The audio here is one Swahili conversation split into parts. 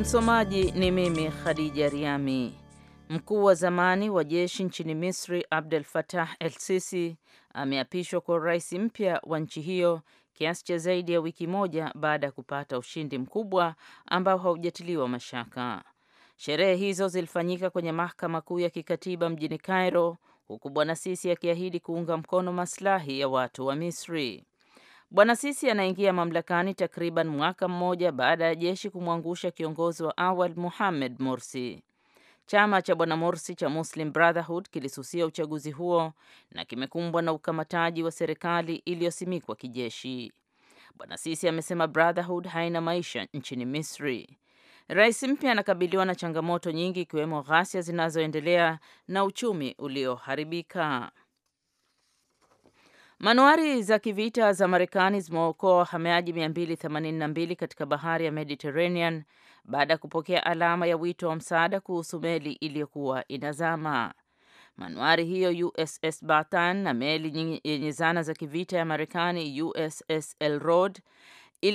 Msomaji ni mimi Khadija Riami. Mkuu wa zamani wa jeshi nchini Misri Abdel Fattah El Sisi ameapishwa kwa rais mpya wa nchi hiyo kiasi cha zaidi ya wiki moja baada ya kupata ushindi mkubwa ambao haujatiliwa mashaka. Sherehe hizo zilifanyika kwenye mahakama kuu ya kikatiba mjini Cairo, huku bwana Sisi akiahidi kuunga mkono maslahi ya watu wa Misri. Bwana Sisi anaingia mamlakani takriban mwaka mmoja baada ya jeshi kumwangusha kiongozi wa awali muhammed Morsi. Chama cha Bwana Morsi cha Muslim Brotherhood kilisusia uchaguzi huo na kimekumbwa na ukamataji wa serikali iliyosimikwa kijeshi. Bwana Sisi amesema Brotherhood haina maisha nchini Misri. Rais mpya anakabiliwa na changamoto nyingi ikiwemo ghasia zinazoendelea na uchumi ulioharibika. Manuari za kivita za Marekani zimeokoa wahamiaji 282 katika bahari ya Mediterranean baada ya kupokea alama ya wito wa msaada kuhusu meli iliyokuwa inazama. Manuari hiyo USS batan na meli yenye zana za kivita ya Marekani USS Elrod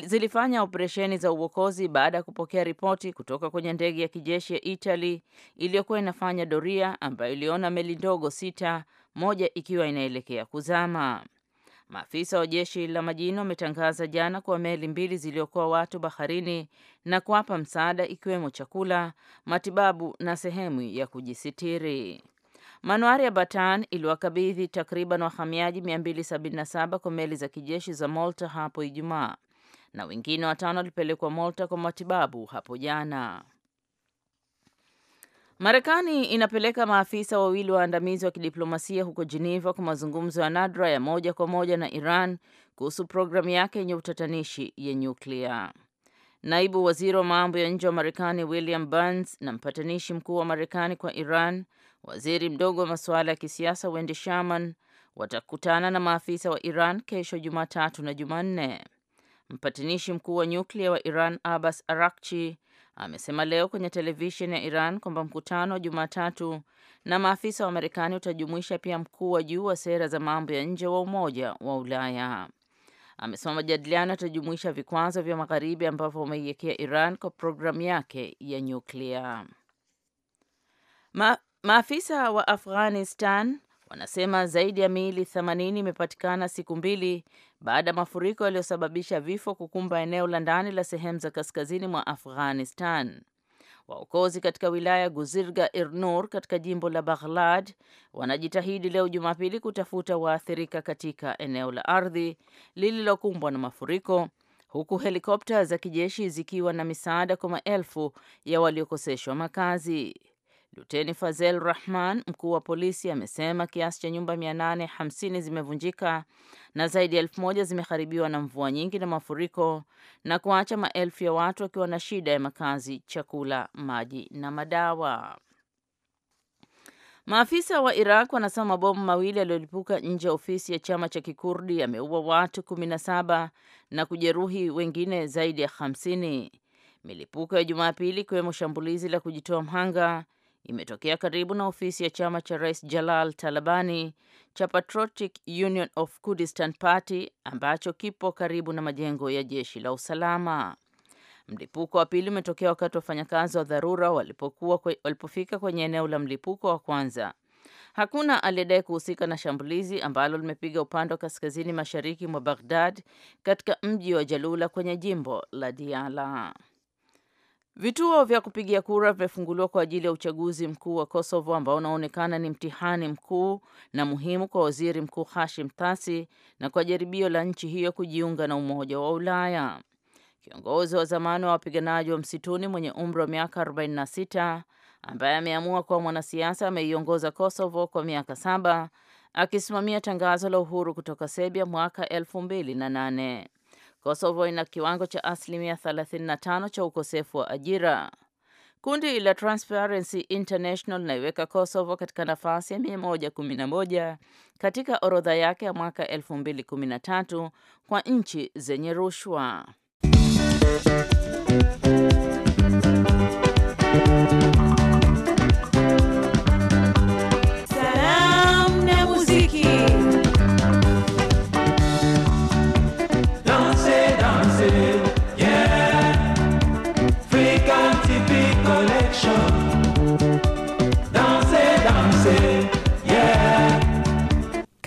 zilifanya operesheni za uokozi baada ya kupokea ripoti kutoka kwenye ndege ya kijeshi ya Italy iliyokuwa inafanya doria ambayo iliona meli ndogo sita, moja ikiwa inaelekea kuzama. Maafisa wa jeshi la majini wametangaza jana kuwa meli mbili ziliokoa watu baharini na kuwapa msaada ikiwemo chakula, matibabu na sehemu ya kujisitiri. Manuari ya Batan iliwakabidhi takriban wahamiaji 277 kwa meli za kijeshi za Malta hapo Ijumaa na wengine watano walipelekwa Malta kwa matibabu hapo jana. Marekani inapeleka maafisa wawili waandamizi wa kidiplomasia huko Geneva kwa mazungumzo ya nadra ya moja kwa moja na Iran kuhusu programu yake yenye utatanishi ya nyuklia. Naibu waziri wa mambo ya nje wa Marekani William Burns na mpatanishi mkuu wa Marekani kwa Iran, waziri mdogo wa masuala ya kisiasa Wendy Sherman watakutana na maafisa wa Iran kesho Jumatatu na Jumanne. Mpatanishi mkuu wa nyuklia wa Iran Abbas Arakchi amesema leo kwenye televisheni ya Iran kwamba mkutano wa Jumatatu na maafisa wa Marekani utajumuisha pia mkuu wa juu wa sera za mambo ya nje wa Umoja wa Ulaya. Amesema majadiliano yatajumuisha vikwazo vya Magharibi ambavyo wameiwekea Iran kwa programu yake ya nyuklia. Ma, maafisa wa Afghanistan Wanasema zaidi ya miili 80 imepatikana siku mbili baada ya mafuriko yaliyosababisha vifo kukumba eneo la ndani la sehemu za kaskazini mwa Afghanistan. Waokozi katika wilaya ya Guzirga Irnur katika jimbo la Baghlad wanajitahidi leo Jumapili kutafuta waathirika katika eneo la ardhi lililokumbwa na mafuriko huku helikopta za kijeshi zikiwa na misaada kwa maelfu ya waliokoseshwa makazi. Luteni Fazel Rahman, mkuu wa polisi, amesema kiasi cha nyumba 850 zimevunjika na zaidi ya elfu moja zimeharibiwa na mvua nyingi na mafuriko na kuacha maelfu ya watu wakiwa na shida ya makazi, chakula, maji na madawa. Maafisa wa Iraq wanasema mabomu mawili yaliyolipuka nje ya ofisi ya chama cha Kikurdi yameua watu 17 na kujeruhi wengine zaidi ya 50. Milipuko ya Jumapili ikiwemo shambulizi la kujitoa mhanga imetokea karibu na ofisi ya chama cha Rais Jalal Talabani cha Patriotic Union of Kurdistan Party ambacho kipo karibu na majengo ya jeshi la usalama. Mlipuko wa pili umetokea wakati wafanyakazi wa dharura walipokuwa kwe, walipofika kwenye eneo la mlipuko wa kwanza. Hakuna aliyedai kuhusika na shambulizi ambalo limepiga upande wa kaskazini mashariki mwa Baghdad katika mji wa Jalula kwenye jimbo la Diyala. Vituo vya kupigia kura vimefunguliwa kwa ajili ya uchaguzi mkuu wa Kosovo ambao unaonekana ni mtihani mkuu na muhimu kwa waziri mkuu Hashim Thaci na kwa jaribio la nchi hiyo kujiunga na Umoja wa Ulaya. Kiongozi wa zamani wa wapiganaji wa msituni mwenye umri wa miaka 46 ambaye ameamua kuwa mwanasiasa ameiongoza Kosovo kwa miaka saba akisimamia tangazo la uhuru kutoka Serbia mwaka 28 Kosovo ina kiwango cha asilimia 35 cha ukosefu wa ajira. Kundi la Transparency International linaiweka Kosovo katika nafasi ya 111 katika orodha yake ya mwaka 2013 kwa nchi zenye rushwa.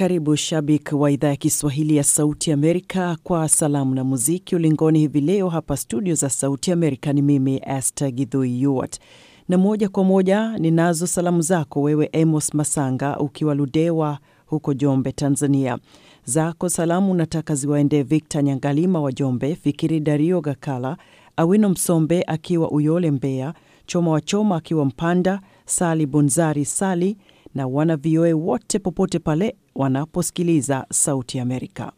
Karibu shabiki wa idhaa ya Kiswahili ya Sauti Amerika kwa salamu na muziki ulingoni hivi leo. Hapa studio za Sauti Amerika ni mimi Esther gidhui yuart na moja kwa moja ninazo salamu zako wewe Amos Masanga ukiwa Ludewa huko Jombe, Tanzania. Zako salamu nataka ziwaendee victa Nyangalima wa Jombe, Fikiri Dario Gakala, Awino Msombe akiwa Uyole Mbeya, Choma wa Choma akiwa Mpanda, Sali Bunzari Sali na wana VOA wote popote pale wanaposikiliza Sauti Amerika.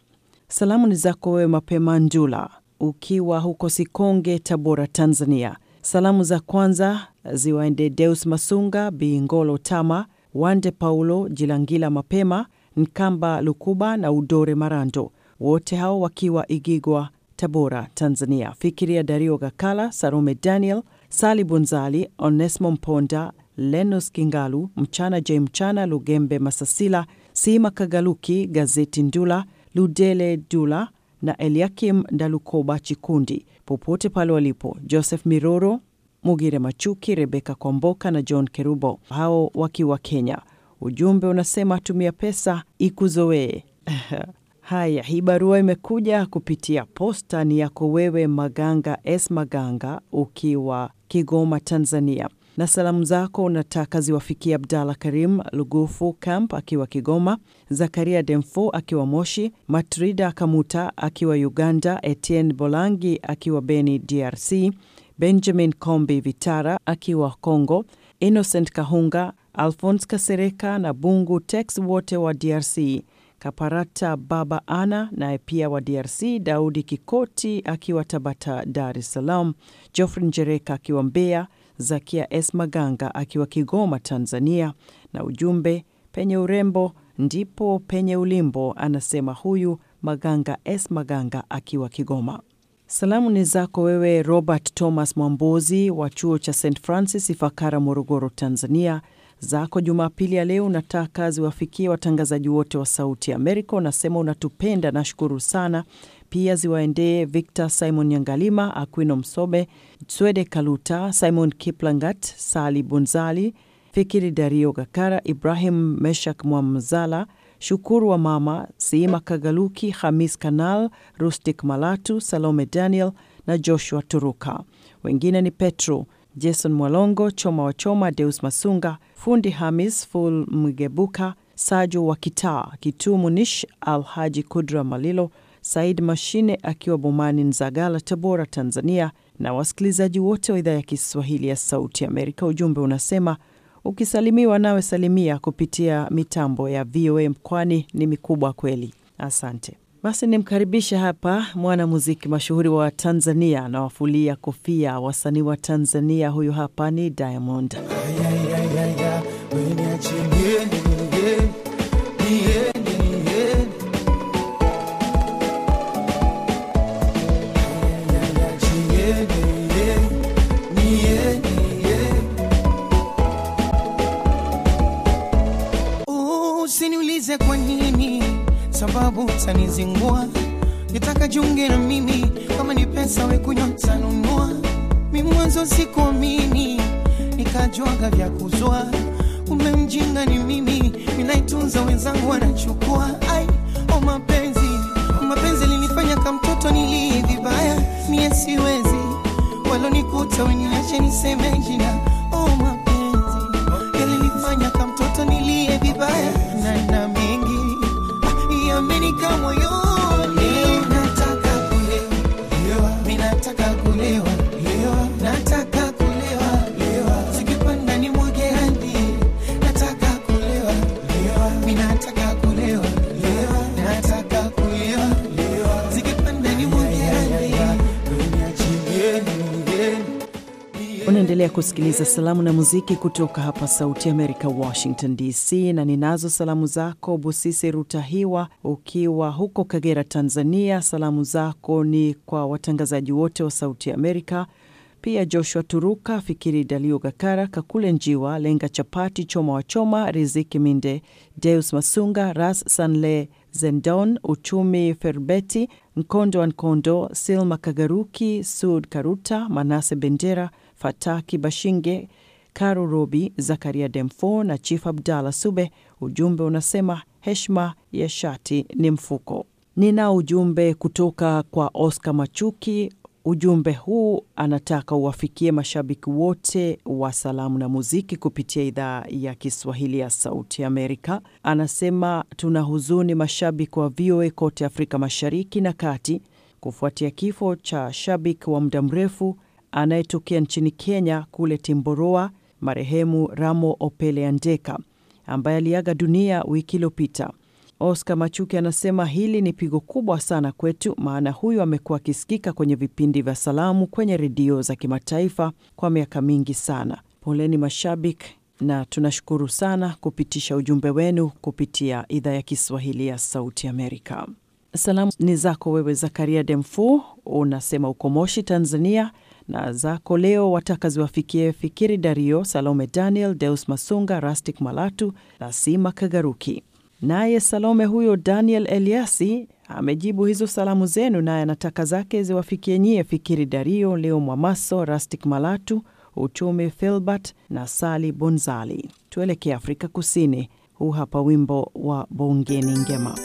Salamu ni zako wewe Mapema Njula ukiwa huko Sikonge, Tabora, Tanzania. Salamu za kwanza ziwaende Deus Masunga, Bingolo Tama, Wande Paulo Jilangila, Mapema Nkamba Lukuba na Udore Marando, wote hao wakiwa Igigwa, Tabora, Tanzania. Fikiria Dario Gakala, Sarume Daniel, Sali Bunzali, Onesmo Mponda, Lenus Kingalu, Mchana J Mchana, Lugembe Masasila, Sima Kagaluki, Gazeti Ndula, Ludele Dula na Eliakim Ndalukoba Chikundi, popote pale walipo, Joseph Miroro, Mugire Machuki, Rebeka Kwamboka na John Kerubo, hao wakiwa Kenya. Ujumbe unasema tumia pesa ikuzowee. Haya, hii barua imekuja kupitia posta. Ni yako wewe Maganga S Maganga, ukiwa Kigoma, Tanzania na salamu zako unataka ziwafikie Abdalla Karim Lugufu Camp akiwa Kigoma, Zakaria Demfo akiwa Moshi, Matrida Kamuta akiwa Uganda, Etienne Bolangi akiwa Beni DRC, Benjamin Kombi Vitara akiwa Congo, Innocent Kahunga, Alphonse Kasereka na Bungu Tex wote wa DRC, Kaparata Baba Ana naye pia wa DRC, Daudi Kikoti akiwa Tabata, Dar es Salaam, Geoffrey Njereka akiwa Mbeya, Zakia S Maganga akiwa Kigoma, Tanzania, na ujumbe penye urembo ndipo penye ulimbo. Anasema huyu Maganga S Maganga akiwa Kigoma. Salamu ni zako wewe Robert Thomas Mwambozi wa chuo cha St Francis Ifakara, Morogoro, Tanzania. Zako Jumapili ya leo unataka ziwafikie watangazaji wote wa Sauti ya Amerika. Unasema unatupenda, nashukuru sana pia ziwaendee Victor Simon Nyangalima, Akwino Msobe, Swede Kaluta, Simon Kiplangat, Sali Bunzali, Fikiri Dario Gakara, Ibrahim Meshak Mwamzala, Shukuru wa Mama Siima Kagaluki, Hamis Kanal, rustik Malatu, Salome Daniel na Joshua Turuka. Wengine ni Petro Jason Mwalongo, Choma wa Choma, Deus Masunga, Fundi Hamis Ful Mgebuka, Sajo wa Kitaa, Nish, Alhaji Kudra Malilo, Said Mashine akiwa Bomani, Nzagala, Tabora, Tanzania, na wasikilizaji wote wa idhaa ya Kiswahili ya Sauti Amerika. Ujumbe unasema ukisalimiwa nawe salimia kupitia mitambo ya VOA mkwani ni mikubwa kweli. Asante. Basi nimkaribisha hapa mwanamuziki mashuhuri wa Tanzania anawafulia kofia wasanii wa Tanzania. Huyu hapa ni Diamond. sanizingua, nitaka jiunge na mimi, kama ni pesa wekunywa tanunua. Mi mwanzo sikuamini, nikajwaga vya kuzwa, umemjinga ni mimi, minaitunza wenzangu wanachukua. Ai, o oh mapenzi, o oh mapenzi linifanya ka mtoto nilii vibaya, mie siwezi walonikuta weniache nisemejina アメリカもよ Unaendelea kusikiliza salamu na muziki kutoka hapa Sauti Amerika, Washington DC, na ninazo salamu zako Busisi Rutahiwa ukiwa huko Kagera, Tanzania. Salamu zako ni kwa watangazaji wote wa Sauti Amerika, pia Joshua Turuka, Fikiri Dalio, Gakara Kakule, Njiwa Lenga, Chapati Choma wa Choma, Riziki Minde, Deus Masunga, Ras Sanle Zendon Uchumi, Ferbeti Nkondo wa Nkondo, Silma Kagaruki, Sud Karuta, Manase Bendera, Fataki Bashinge, Karu Robi, Zakaria Demfo na Chief abdalah Sube. Ujumbe unasema heshima ya shati ni mfuko. Nina ujumbe kutoka kwa Oscar Machuki. Ujumbe huu anataka uwafikie mashabiki wote wa salamu na muziki kupitia idhaa ya Kiswahili ya Sauti Amerika. Anasema tuna huzuni mashabiki wa VOA kote Afrika Mashariki na Kati kufuatia kifo cha shabiki wa muda mrefu anayetokea nchini Kenya kule Timboroa, marehemu Ramo Opele Andeka ambaye aliaga dunia wiki iliyopita. Oscar Machuki anasema hili ni pigo kubwa sana kwetu, maana huyu amekuwa akisikika kwenye vipindi vya salamu kwenye redio za kimataifa kwa miaka mingi sana. Poleni mashabiki, na tunashukuru sana kupitisha ujumbe wenu kupitia idhaa ya Kiswahili ya Sauti Amerika. Salamu ni zako wewe Zakaria Demfu, unasema uko Moshi, Tanzania na zako leo wataka ziwafikie Fikiri Dario, Salome Daniel, Deus Masunga, Rastik Malatu na Sima Kagaruki. Naye Salome huyo Daniel Eliasi amejibu hizo salamu zenu, naye anataka zake ziwafikie nyie Fikiri Dario, Leo Mwamaso, Rastik Malatu, Uchumi Filbert na Sali Bonzali. Tuelekee Afrika Kusini. Huu hapa wimbo wa Bongeni Ngema.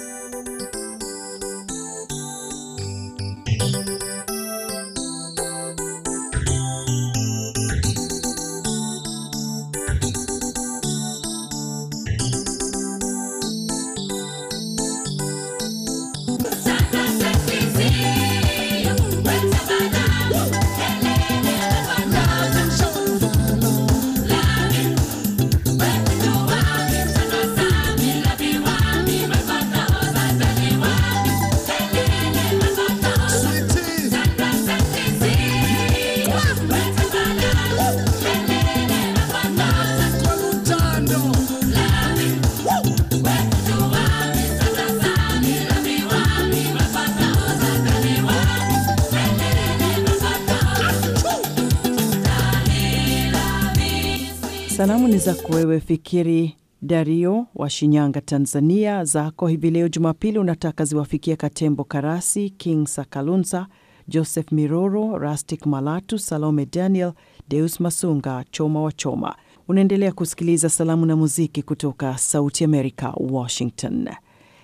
Salamu ni zako wewe Fikiri Dario wa Shinyanga, Tanzania. Zako hivi leo Jumapili unataka ziwafikia Katembo Karasi, King Sakalunsa, Joseph Miroro, rastic Malatu, Salome Daniel, Deus Masunga, Choma wa Choma. Unaendelea kusikiliza salamu na muziki kutoka Sauti Amerika, Washington.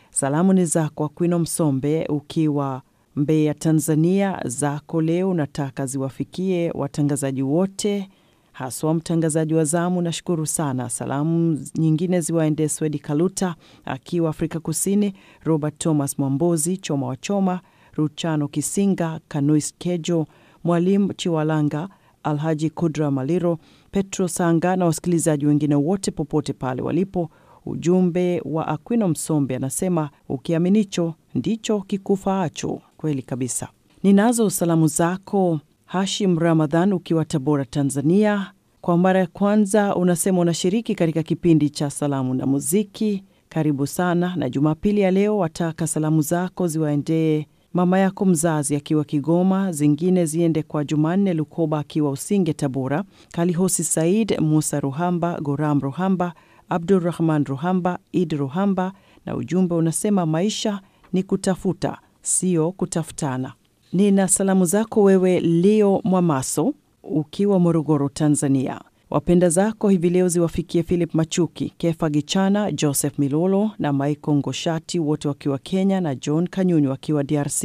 Salamu ni zako Akwino Msombe ukiwa Mbeya, Tanzania. Zako leo unataka ziwafikie watangazaji wote haswa mtangazaji wa zamu. Nashukuru sana. Salamu nyingine ziwaende Swedi Kaluta akiwa Afrika Kusini, Robert Thomas Mwambozi, Choma wa Choma, Ruchano Kisinga, Kanois Kejo, Mwalimu Chiwalanga, Alhaji Kudra Maliro, Petro Sanga na wasikilizaji wengine wote popote pale walipo. Ujumbe wa Akwino Msombe anasema ukiaminicho ndicho kikufaacho. Kweli kabisa. Ninazo salamu zako Hashim Ramadhan ukiwa Tabora, Tanzania, kwa mara ya kwanza unasema unashiriki katika kipindi cha salamu na muziki. Karibu sana na Jumapili ya leo wataka salamu zako ziwaendee mama yako mzazi akiwa Kigoma, zingine ziende kwa Jumanne Lukoba akiwa Usinge, Tabora, Kalihosi Said Musa Ruhamba, Goram Ruhamba, Abdurrahman Ruhamba, id Ruhamba, na ujumbe unasema maisha ni kutafuta, sio kutafutana. Nina salamu zako wewe Leo Mwamaso ukiwa Morogoro, Tanzania. Wapenda zako hivi leo ziwafikie Philip Machuki, Kefa Gichana, Joseph Milolo na Michael Ngoshati, wote wakiwa Kenya, na John Kanyunyi wakiwa DRC.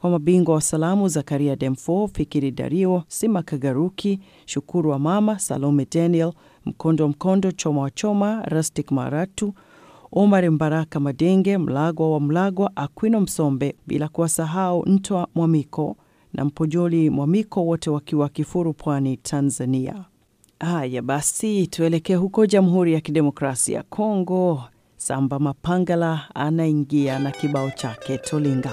Kwa mabingwa wa salamu, Zakaria Demfo, Fikiri Dario, Sima Kagaruki, Shukuru wa Mama, Salome Daniel, Mkondo Mkondo, Choma wa Choma, Rustic Maratu Omar Mbaraka Madenge, Mlagwa wa Mlagwa, Akwino Msombe, bila kuwasahau Ntwa Mwamiko na Mpojoli Mwamiko, wote wakiwa Kifuru, Pwani, Tanzania. Haya basi, tuelekee huko Jamhuri ya Kidemokrasia ya Kongo. Samba Mapangala anaingia na kibao chake Tolinga.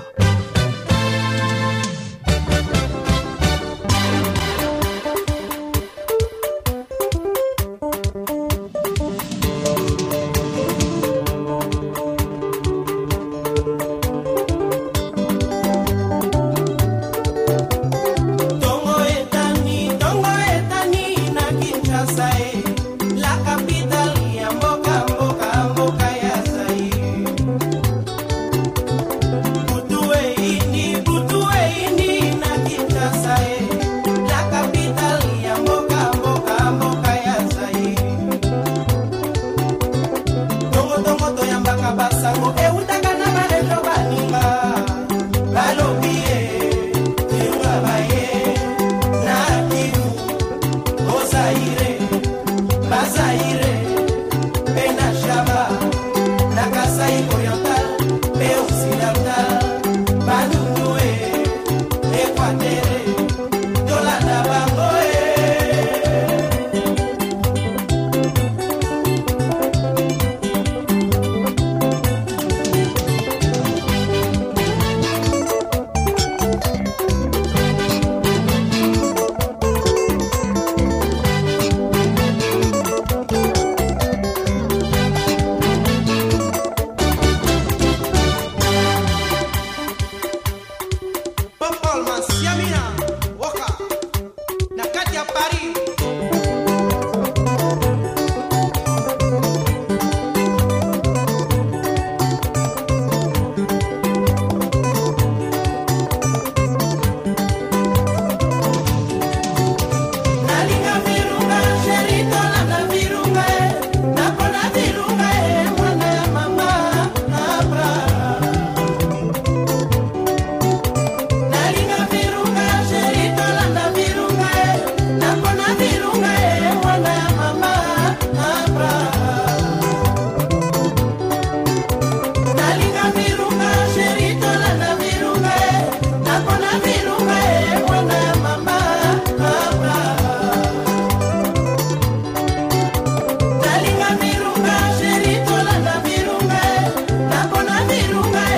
Nobody.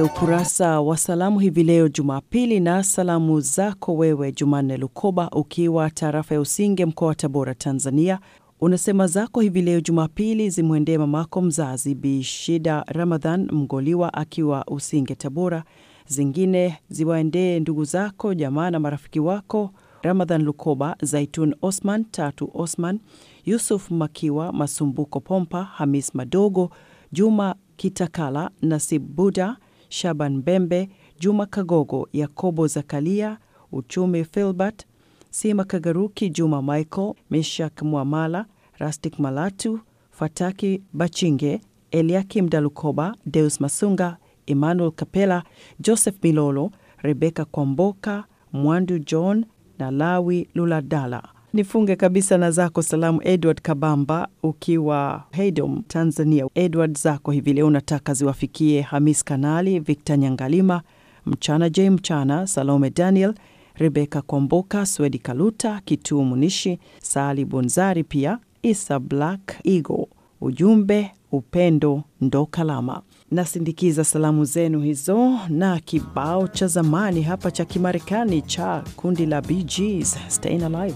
tufunge ukurasa wa salamu hivi leo Jumapili na salamu zako wewe, Jumanne Lukoba, ukiwa tarafa ya Usinge, mkoa wa Tabora, Tanzania. Unasema zako hivi leo Jumapili zimwendee mamako mzazi Bishida Ramadhan Mgoliwa akiwa Usinge, Tabora. Zingine ziwaendee ndugu zako, jamaa na marafiki wako Ramadhan Lukoba, Zaitun Osman, Tatu Osman, Yusuf Makiwa, Masumbuko Pompa, Hamis Madogo, Juma Kitakala, Nasib Buda, Shaban Bembe, Juma Kagogo, Yakobo Zakalia, Uchumi Filbert, Sima Kagaruki, Juma Michael, Meshak Mwamala, Rastik Malatu, Fataki Bachinge, Eliakim Dalukoba, Deus Masunga, Emmanuel Kapela, Joseph Milolo, Rebeka Kwamboka, Mwandu John na Lawi Luladala. Nifunge kabisa na zako salamu, Edward Kabamba ukiwa Hedom, Tanzania. Edward, zako hivi leo unataka ziwafikie Hamis Kanali, Victor Nyangalima, Mchana J Mchana, Salome Daniel, Rebeka Kwamboka, Swedi Kaluta, Kituu Munishi, Saali bunzari pia Isa Black Eagle. Ujumbe, upendo ndo kalama. Nasindikiza salamu zenu hizo na kibao cha zamani hapa cha Kimarekani cha kundi la bgs Gees, Alive.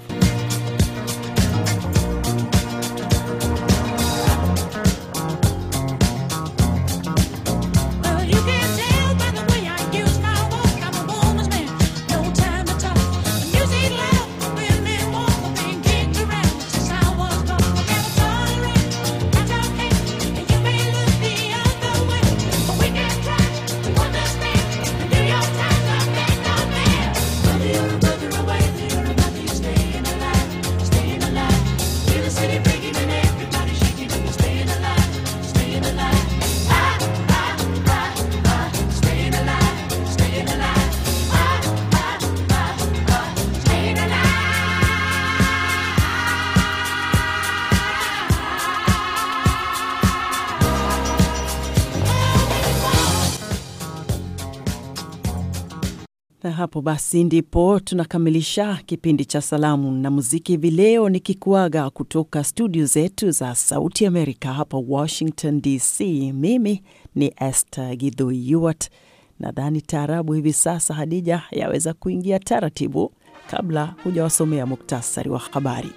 hapo basi ndipo tunakamilisha kipindi cha salamu na muziki hivi leo, nikikuaga kutoka studio zetu za Sauti Amerika hapa Washington DC. Mimi ni Esther Gidho Nadhani taarabu hivi sasa, Hadija, yaweza kuingia taratibu kabla hujawasomea muktasari wa habari.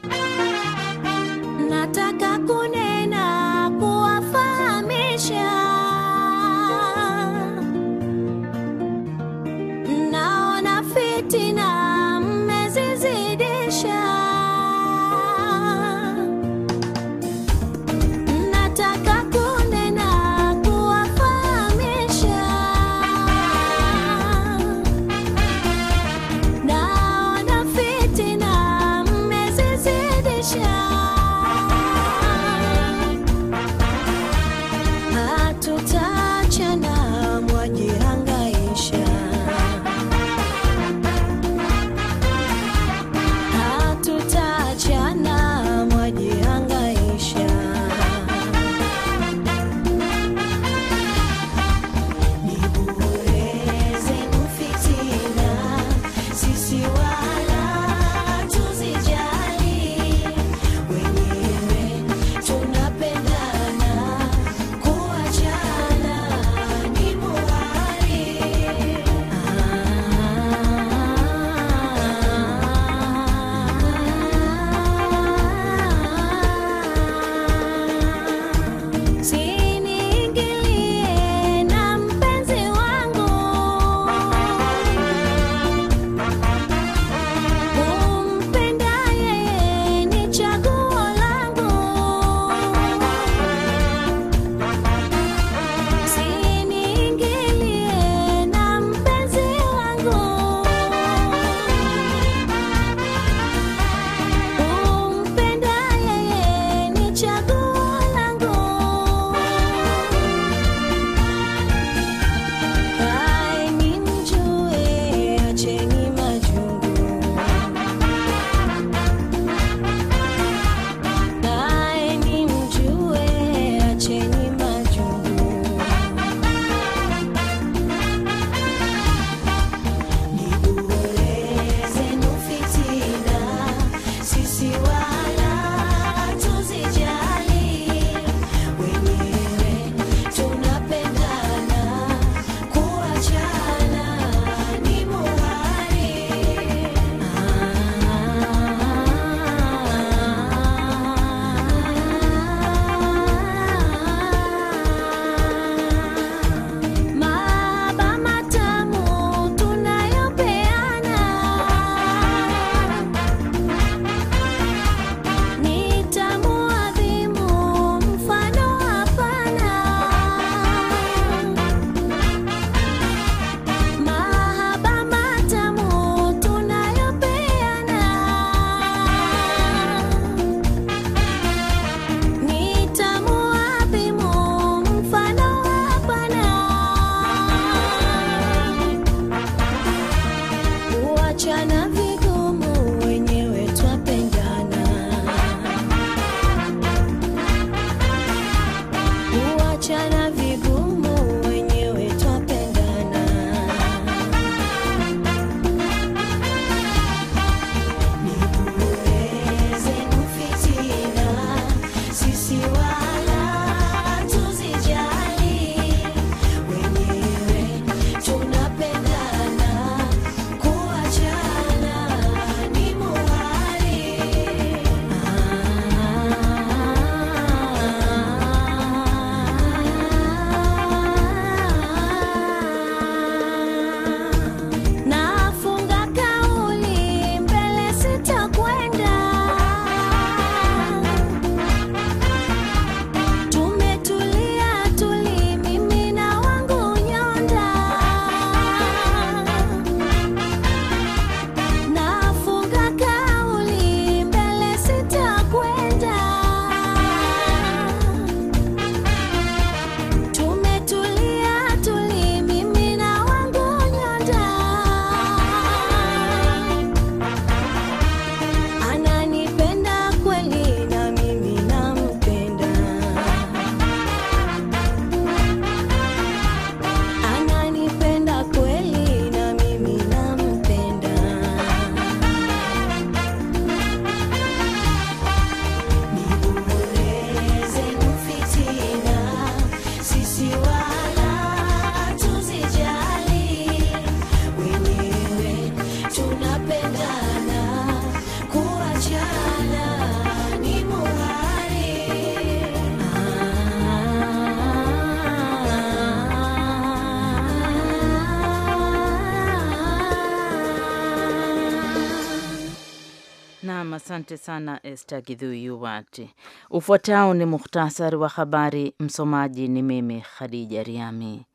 Asante sana Esther Gidhuyuwati. Ufuatao ni muhtasari wa habari, msomaji ni mimi Khadija Riami.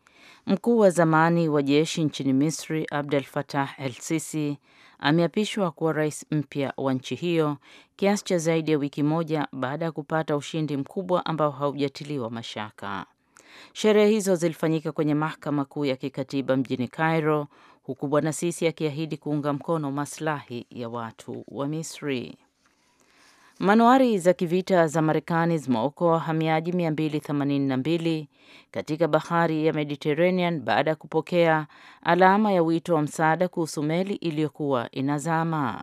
Mkuu wa zamani wa jeshi nchini Misri Abdel Fattah el-Sisi ameapishwa kuwa rais mpya wa nchi hiyo kiasi cha zaidi ya wiki moja baada ya kupata ushindi mkubwa ambao haujatiliwa mashaka. Sherehe hizo zilifanyika kwenye mahakama kuu ya kikatiba mjini Cairo, huku bwana Sisi akiahidi kuunga mkono maslahi ya watu wa Misri. Manuari za kivita za Marekani zimeokoa wahamiaji 282 katika bahari ya Mediterranean baada ya kupokea alama ya wito wa msaada kuhusu meli iliyokuwa inazama.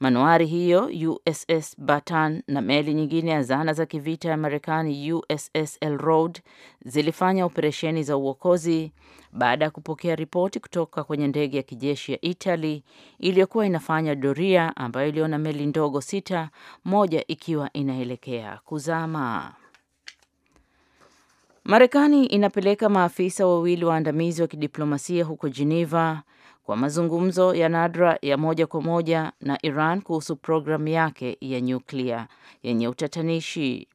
Manuari hiyo USS batan na meli nyingine ya zana za kivita ya Marekani USS Road zilifanya operesheni za uokozi baada ya kupokea ripoti kutoka kwenye ndege ya kijeshi ya Italy iliyokuwa inafanya doria ambayo iliona meli ndogo sita, moja ikiwa inaelekea kuzama. Marekani inapeleka maafisa wawili waandamizi wa kidiplomasia huko Geneva kwa mazungumzo ya nadra ya moja kwa moja na Iran kuhusu programu yake ya nyuklia yenye utatanishi.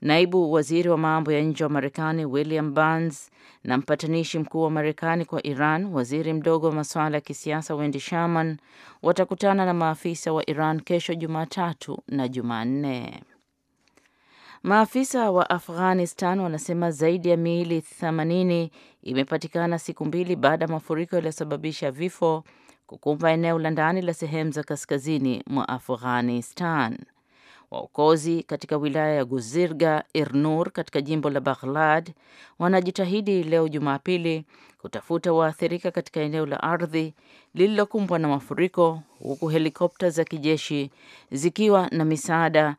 Naibu waziri wa mambo ya nje wa Marekani William Burns na mpatanishi mkuu wa Marekani kwa Iran, waziri mdogo wa masuala ya kisiasa Wendy Sherman watakutana na maafisa wa Iran kesho Jumatatu na Jumanne. Maafisa wa Afghanistan wanasema zaidi ya miili 80 imepatikana siku mbili baada ya mafuriko yaliyosababisha vifo kukumba eneo la ndani la sehemu za kaskazini mwa Afghanistan. Waokozi katika wilaya ya Guzirga Irnur katika jimbo la Baghlad wanajitahidi leo Jumapili kutafuta waathirika katika eneo la ardhi lililokumbwa na mafuriko huku helikopta za kijeshi zikiwa na misaada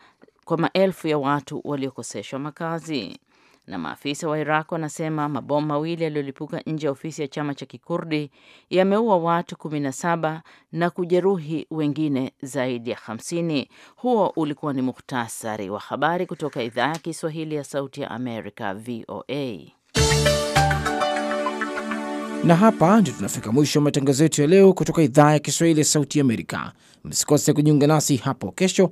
kwa maelfu ya watu waliokoseshwa makazi. Na maafisa wa Iraq wanasema mabomu mawili yaliyolipuka nje ya ofisi ya chama cha Kikurdi yameua watu 17 na kujeruhi wengine zaidi ya 50. Huo ulikuwa ni muhtasari wa habari kutoka idhaa ya Kiswahili ya Sauti ya Amerika, VOA. Na hapa ndio tunafika mwisho wa matangazo yetu ya leo kutoka idhaa ya Kiswahili ya Sauti ya Amerika. Msikose kujiunga nasi hapo kesho